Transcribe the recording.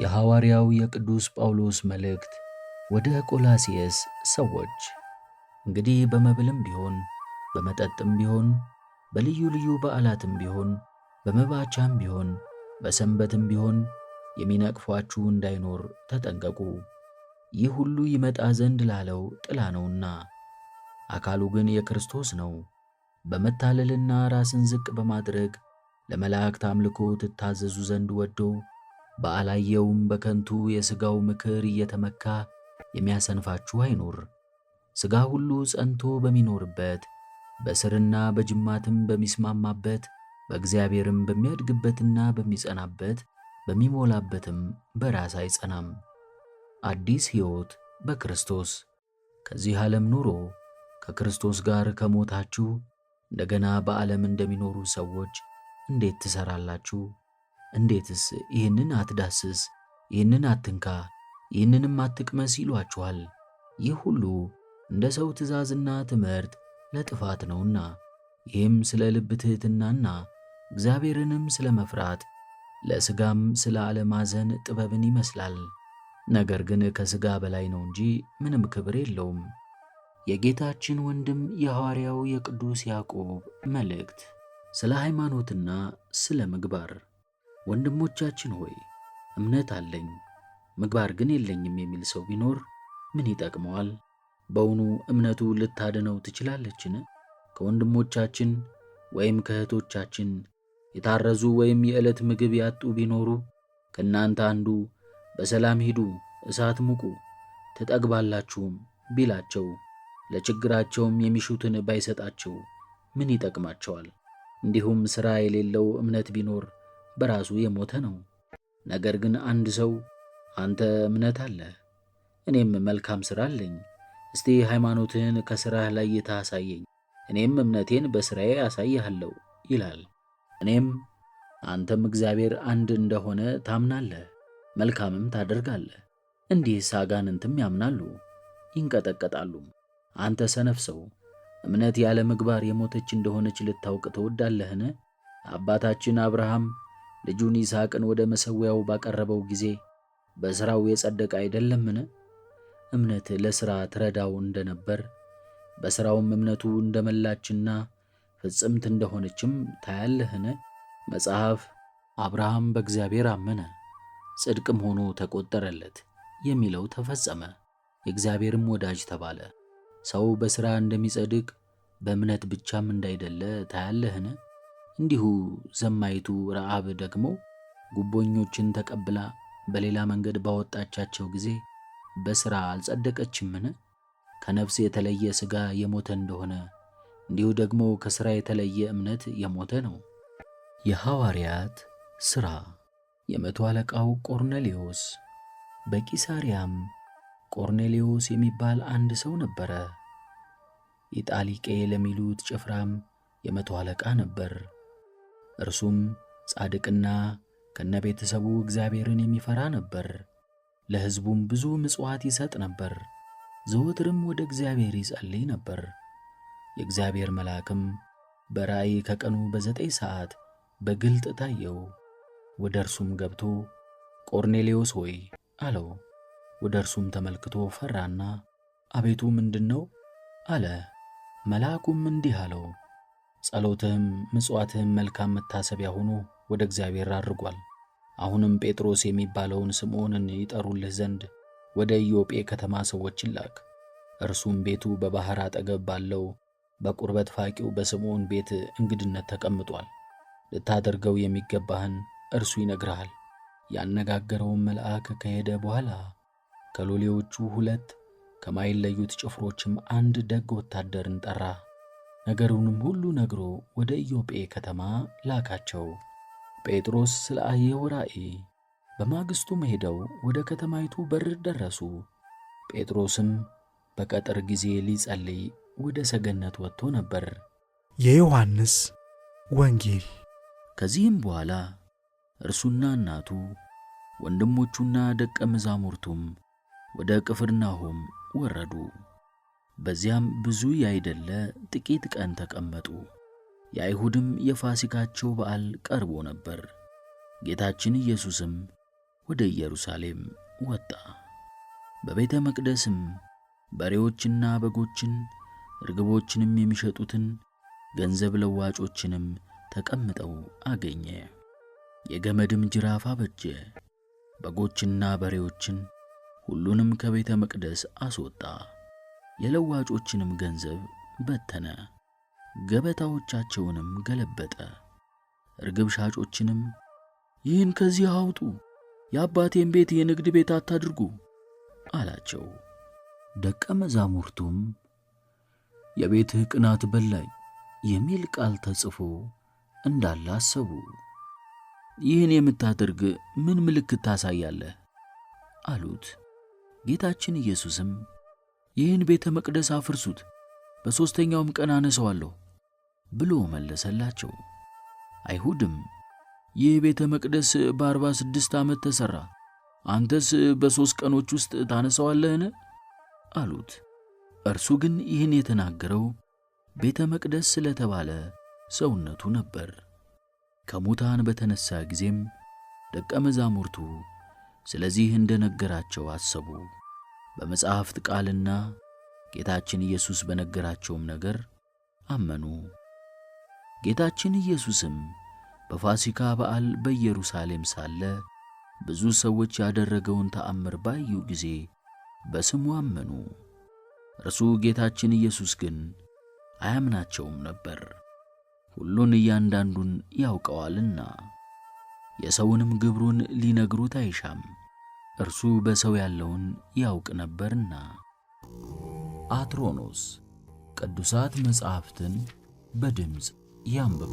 የሐዋርያው የቅዱስ ጳውሎስ መልእክት ወደ ቆላስይስ ሰዎች። እንግዲህ በመብልም ቢሆን በመጠጥም ቢሆን በልዩ ልዩ በዓላትም ቢሆን በመባቻም ቢሆን በሰንበትም ቢሆን የሚነቅፏችሁ እንዳይኖር ተጠንቀቁ። ይህ ሁሉ ይመጣ ዘንድ ላለው ጥላ ነውና፣ አካሉ ግን የክርስቶስ ነው። በመታለልና ራስን ዝቅ በማድረግ ለመላእክት አምልኮ ትታዘዙ ዘንድ ወዶ በአላየውም በከንቱ የሥጋው ምክር እየተመካ የሚያሰንፋችሁ አይኑር። ሥጋ ሁሉ ጸንቶ በሚኖርበት በስርና በጅማትም በሚስማማበት በእግዚአብሔርም በሚያድግበትና በሚጸናበት በሚሞላበትም በራስ አይጸናም። አዲስ ሕይወት በክርስቶስ ከዚህ ዓለም ኑሮ ከክርስቶስ ጋር ከሞታችሁ እንደገና በዓለም እንደሚኖሩ ሰዎች እንዴት ትሠራላችሁ? እንዴትስ ይህንን አትዳስስ፣ ይህንን አትንካ፣ ይህንንም አትቅመስ ይሏችኋል። ይህ ሁሉ እንደ ሰው ትእዛዝና ትምህርት ለጥፋት ነውና ይህም ስለ ልብ ትሕትናና እግዚአብሔርንም ስለ መፍራት ለሥጋም ስለ አለማዘን ጥበብን ይመስላል። ነገር ግን ከሥጋ በላይ ነው እንጂ ምንም ክብር የለውም። የጌታችን ወንድም የሐዋርያው የቅዱስ ያዕቆብ መልእክት ስለ ሃይማኖትና ስለ ምግባር ወንድሞቻችን ሆይ እምነት አለኝ ምግባር ግን የለኝም የሚል ሰው ቢኖር ምን ይጠቅመዋል? በውኑ እምነቱ ልታድነው ትችላለችን? ከወንድሞቻችን ወይም ከእህቶቻችን የታረዙ ወይም የዕለት ምግብ ያጡ ቢኖሩ ከእናንተ አንዱ በሰላም ሂዱ፣ እሳት ሙቁ፣ ትጠግባላችሁም ቢላቸው ለችግራቸውም የሚሹትን ባይሰጣቸው ምን ይጠቅማቸዋል? እንዲሁም ሥራ የሌለው እምነት ቢኖር በራሱ የሞተ ነው። ነገር ግን አንድ ሰው አንተ እምነት አለ፣ እኔም መልካም ሥራ አለኝ፣ እስቲ ሃይማኖትህን ከሥራህ ለይተህ አሳየኝ፣ እኔም እምነቴን በሥራዬ አሳይሃለሁ ይላል። እኔም አንተም እግዚአብሔር አንድ እንደሆነ ታምናለህ፣ መልካምም ታደርጋለህ። እንዲህ ሳጋንንትም ያምናሉ ይንቀጠቀጣሉም። አንተ ሰነፍ ሰው እምነት ያለ ምግባር የሞተች እንደሆነች ልታውቅ ትወዳለህን? አባታችን አብርሃም ልጁን ይስሐቅን ወደ መሠዊያው ባቀረበው ጊዜ በሥራው የጸደቀ አይደለምን? እምነት ለሥራ ትረዳው እንደነበር በሥራውም እምነቱ እንደመላችና ፍጽምት እንደሆነችም ታያለህን? መጽሐፍ አብርሃም በእግዚአብሔር አመነ ጽድቅም ሆኖ ተቆጠረለት የሚለው ተፈጸመ፣ የእግዚአብሔርም ወዳጅ ተባለ። ሰው በሥራ እንደሚጸድቅ በእምነት ብቻም እንዳይደለ ታያለህን? እንዲሁ ዘማይቱ ረዓብ ደግሞ ጉቦኞችን ተቀብላ በሌላ መንገድ ባወጣቻቸው ጊዜ በሥራ አልጸደቀችምን? ከነፍስ የተለየ ሥጋ የሞተ እንደሆነ እንዲሁ ደግሞ ከሥራ የተለየ እምነት የሞተ ነው። የሐዋርያት ሥራ የመቶ አለቃው ቆርኔሌዎስ። በቂሳሪያም ቆርኔሌዎስ የሚባል አንድ ሰው ነበረ። ኢጣሊቄ ለሚሉት ጭፍራም የመቶ አለቃ ነበር። እርሱም ጻድቅና ከነ ቤተሰቡ እግዚአብሔርን የሚፈራ ነበር። ለሕዝቡም ብዙ ምጽዋት ይሰጥ ነበር። ዘወትርም ወደ እግዚአብሔር ይጸልይ ነበር። የእግዚአብሔር መልአክም በራእይ ከቀኑ በዘጠኝ ሰዓት በግልጥ ታየው። ወደ እርሱም ገብቶ ቆርኔሌዎስ ሆይ አለው። ወደ እርሱም ተመልክቶ ፈራና አቤቱ ምንድን ነው አለ። መልአኩም እንዲህ አለው ጸሎትህም ምጽዋትህም መልካም መታሰቢያ ሆኖ ወደ እግዚአብሔር አድርጓል። አሁንም ጴጥሮስ የሚባለውን ስምዖንን ይጠሩልህ ዘንድ ወደ ኢዮጴ ከተማ ሰዎችን ላክ። እርሱም ቤቱ በባሕር አጠገብ ባለው በቁርበት ፋቂው በስምዖን ቤት እንግድነት ተቀምጧል። ልታደርገው የሚገባህን እርሱ ይነግርሃል። ያነጋገረውን መልአክ ከሄደ በኋላ ከሎሌዎቹ ሁለት ከማይለዩት ጭፍሮችም አንድ ደግ ወታደርን ጠራ። ነገሩንም ሁሉ ነግሮ ወደ ኢዮጴ ከተማ ላካቸው። ጴጥሮስ ስለ አየው ራእይ። በማግስቱም ሄደው ወደ ከተማይቱ በር ደረሱ። ጴጥሮስም በቀጥር ጊዜ ሊጸልይ ወደ ሰገነት ወጥቶ ነበር። የዮሐንስ ወንጌል። ከዚህም በኋላ እርሱና እናቱ ወንድሞቹና ደቀ መዛሙርቱም ወደ ቅፍርናሆም ወረዱ። በዚያም ብዙ ያይደለ ጥቂት ቀን ተቀመጡ። የአይሁድም የፋሲካቸው በዓል ቀርቦ ነበር። ጌታችን ኢየሱስም ወደ ኢየሩሳሌም ወጣ። በቤተ መቅደስም በሬዎችና በጎችን ርግቦችንም የሚሸጡትን ገንዘብ ለዋጮችንም ተቀምጠው አገኘ። የገመድም ጅራፍ አበጀ። በጎችና በሬዎችን ሁሉንም ከቤተ መቅደስ አስወጣ። የለዋጮችንም ገንዘብ በተነ፣ ገበታዎቻቸውንም ገለበጠ። እርግብ ሻጮችንም ይህን ከዚህ አውጡ፣ የአባቴን ቤት የንግድ ቤት አታድርጉ አላቸው። ደቀ መዛሙርቱም የቤትህ ቅናት በላኝ የሚል ቃል ተጽፎ እንዳለ አሰቡ። ይህን የምታደርግ ምን ምልክት ታሳያለህ? አሉት። ጌታችን ኢየሱስም ይህን ቤተ መቅደስ አፍርሱት፣ በሦስተኛውም ቀን አነሰዋለሁ ብሎ መለሰላቸው። አይሁድም ይህ ቤተ መቅደስ በአርባ ስድስት ዓመት ተሠራ፣ አንተስ በሦስት ቀኖች ውስጥ ታነሰዋለህን? አሉት። እርሱ ግን ይህን የተናገረው ቤተ መቅደስ ስለተባለ ሰውነቱ ነበር። ከሙታን በተነሣ ጊዜም ደቀ መዛሙርቱ ስለዚህ እንደነገራቸው አሰቡ። በመጽሐፍት ቃልና ጌታችን ኢየሱስ በነገራቸውም ነገር አመኑ። ጌታችን ኢየሱስም በፋሲካ በዓል በኢየሩሳሌም ሳለ ብዙ ሰዎች ያደረገውን ተአምር ባዩ ጊዜ በስሙ አመኑ። እርሱ ጌታችን ኢየሱስ ግን አያምናቸውም ነበር፣ ሁሉን እያንዳንዱን ያውቀዋልና የሰውንም ግብሩን ሊነግሩት አይሻም። እርሱ በሰው ያለውን ያውቅ ነበርና። አትሮኖስ ቅዱሳት መጻሕፍትን በድምፅ ያንብቡ።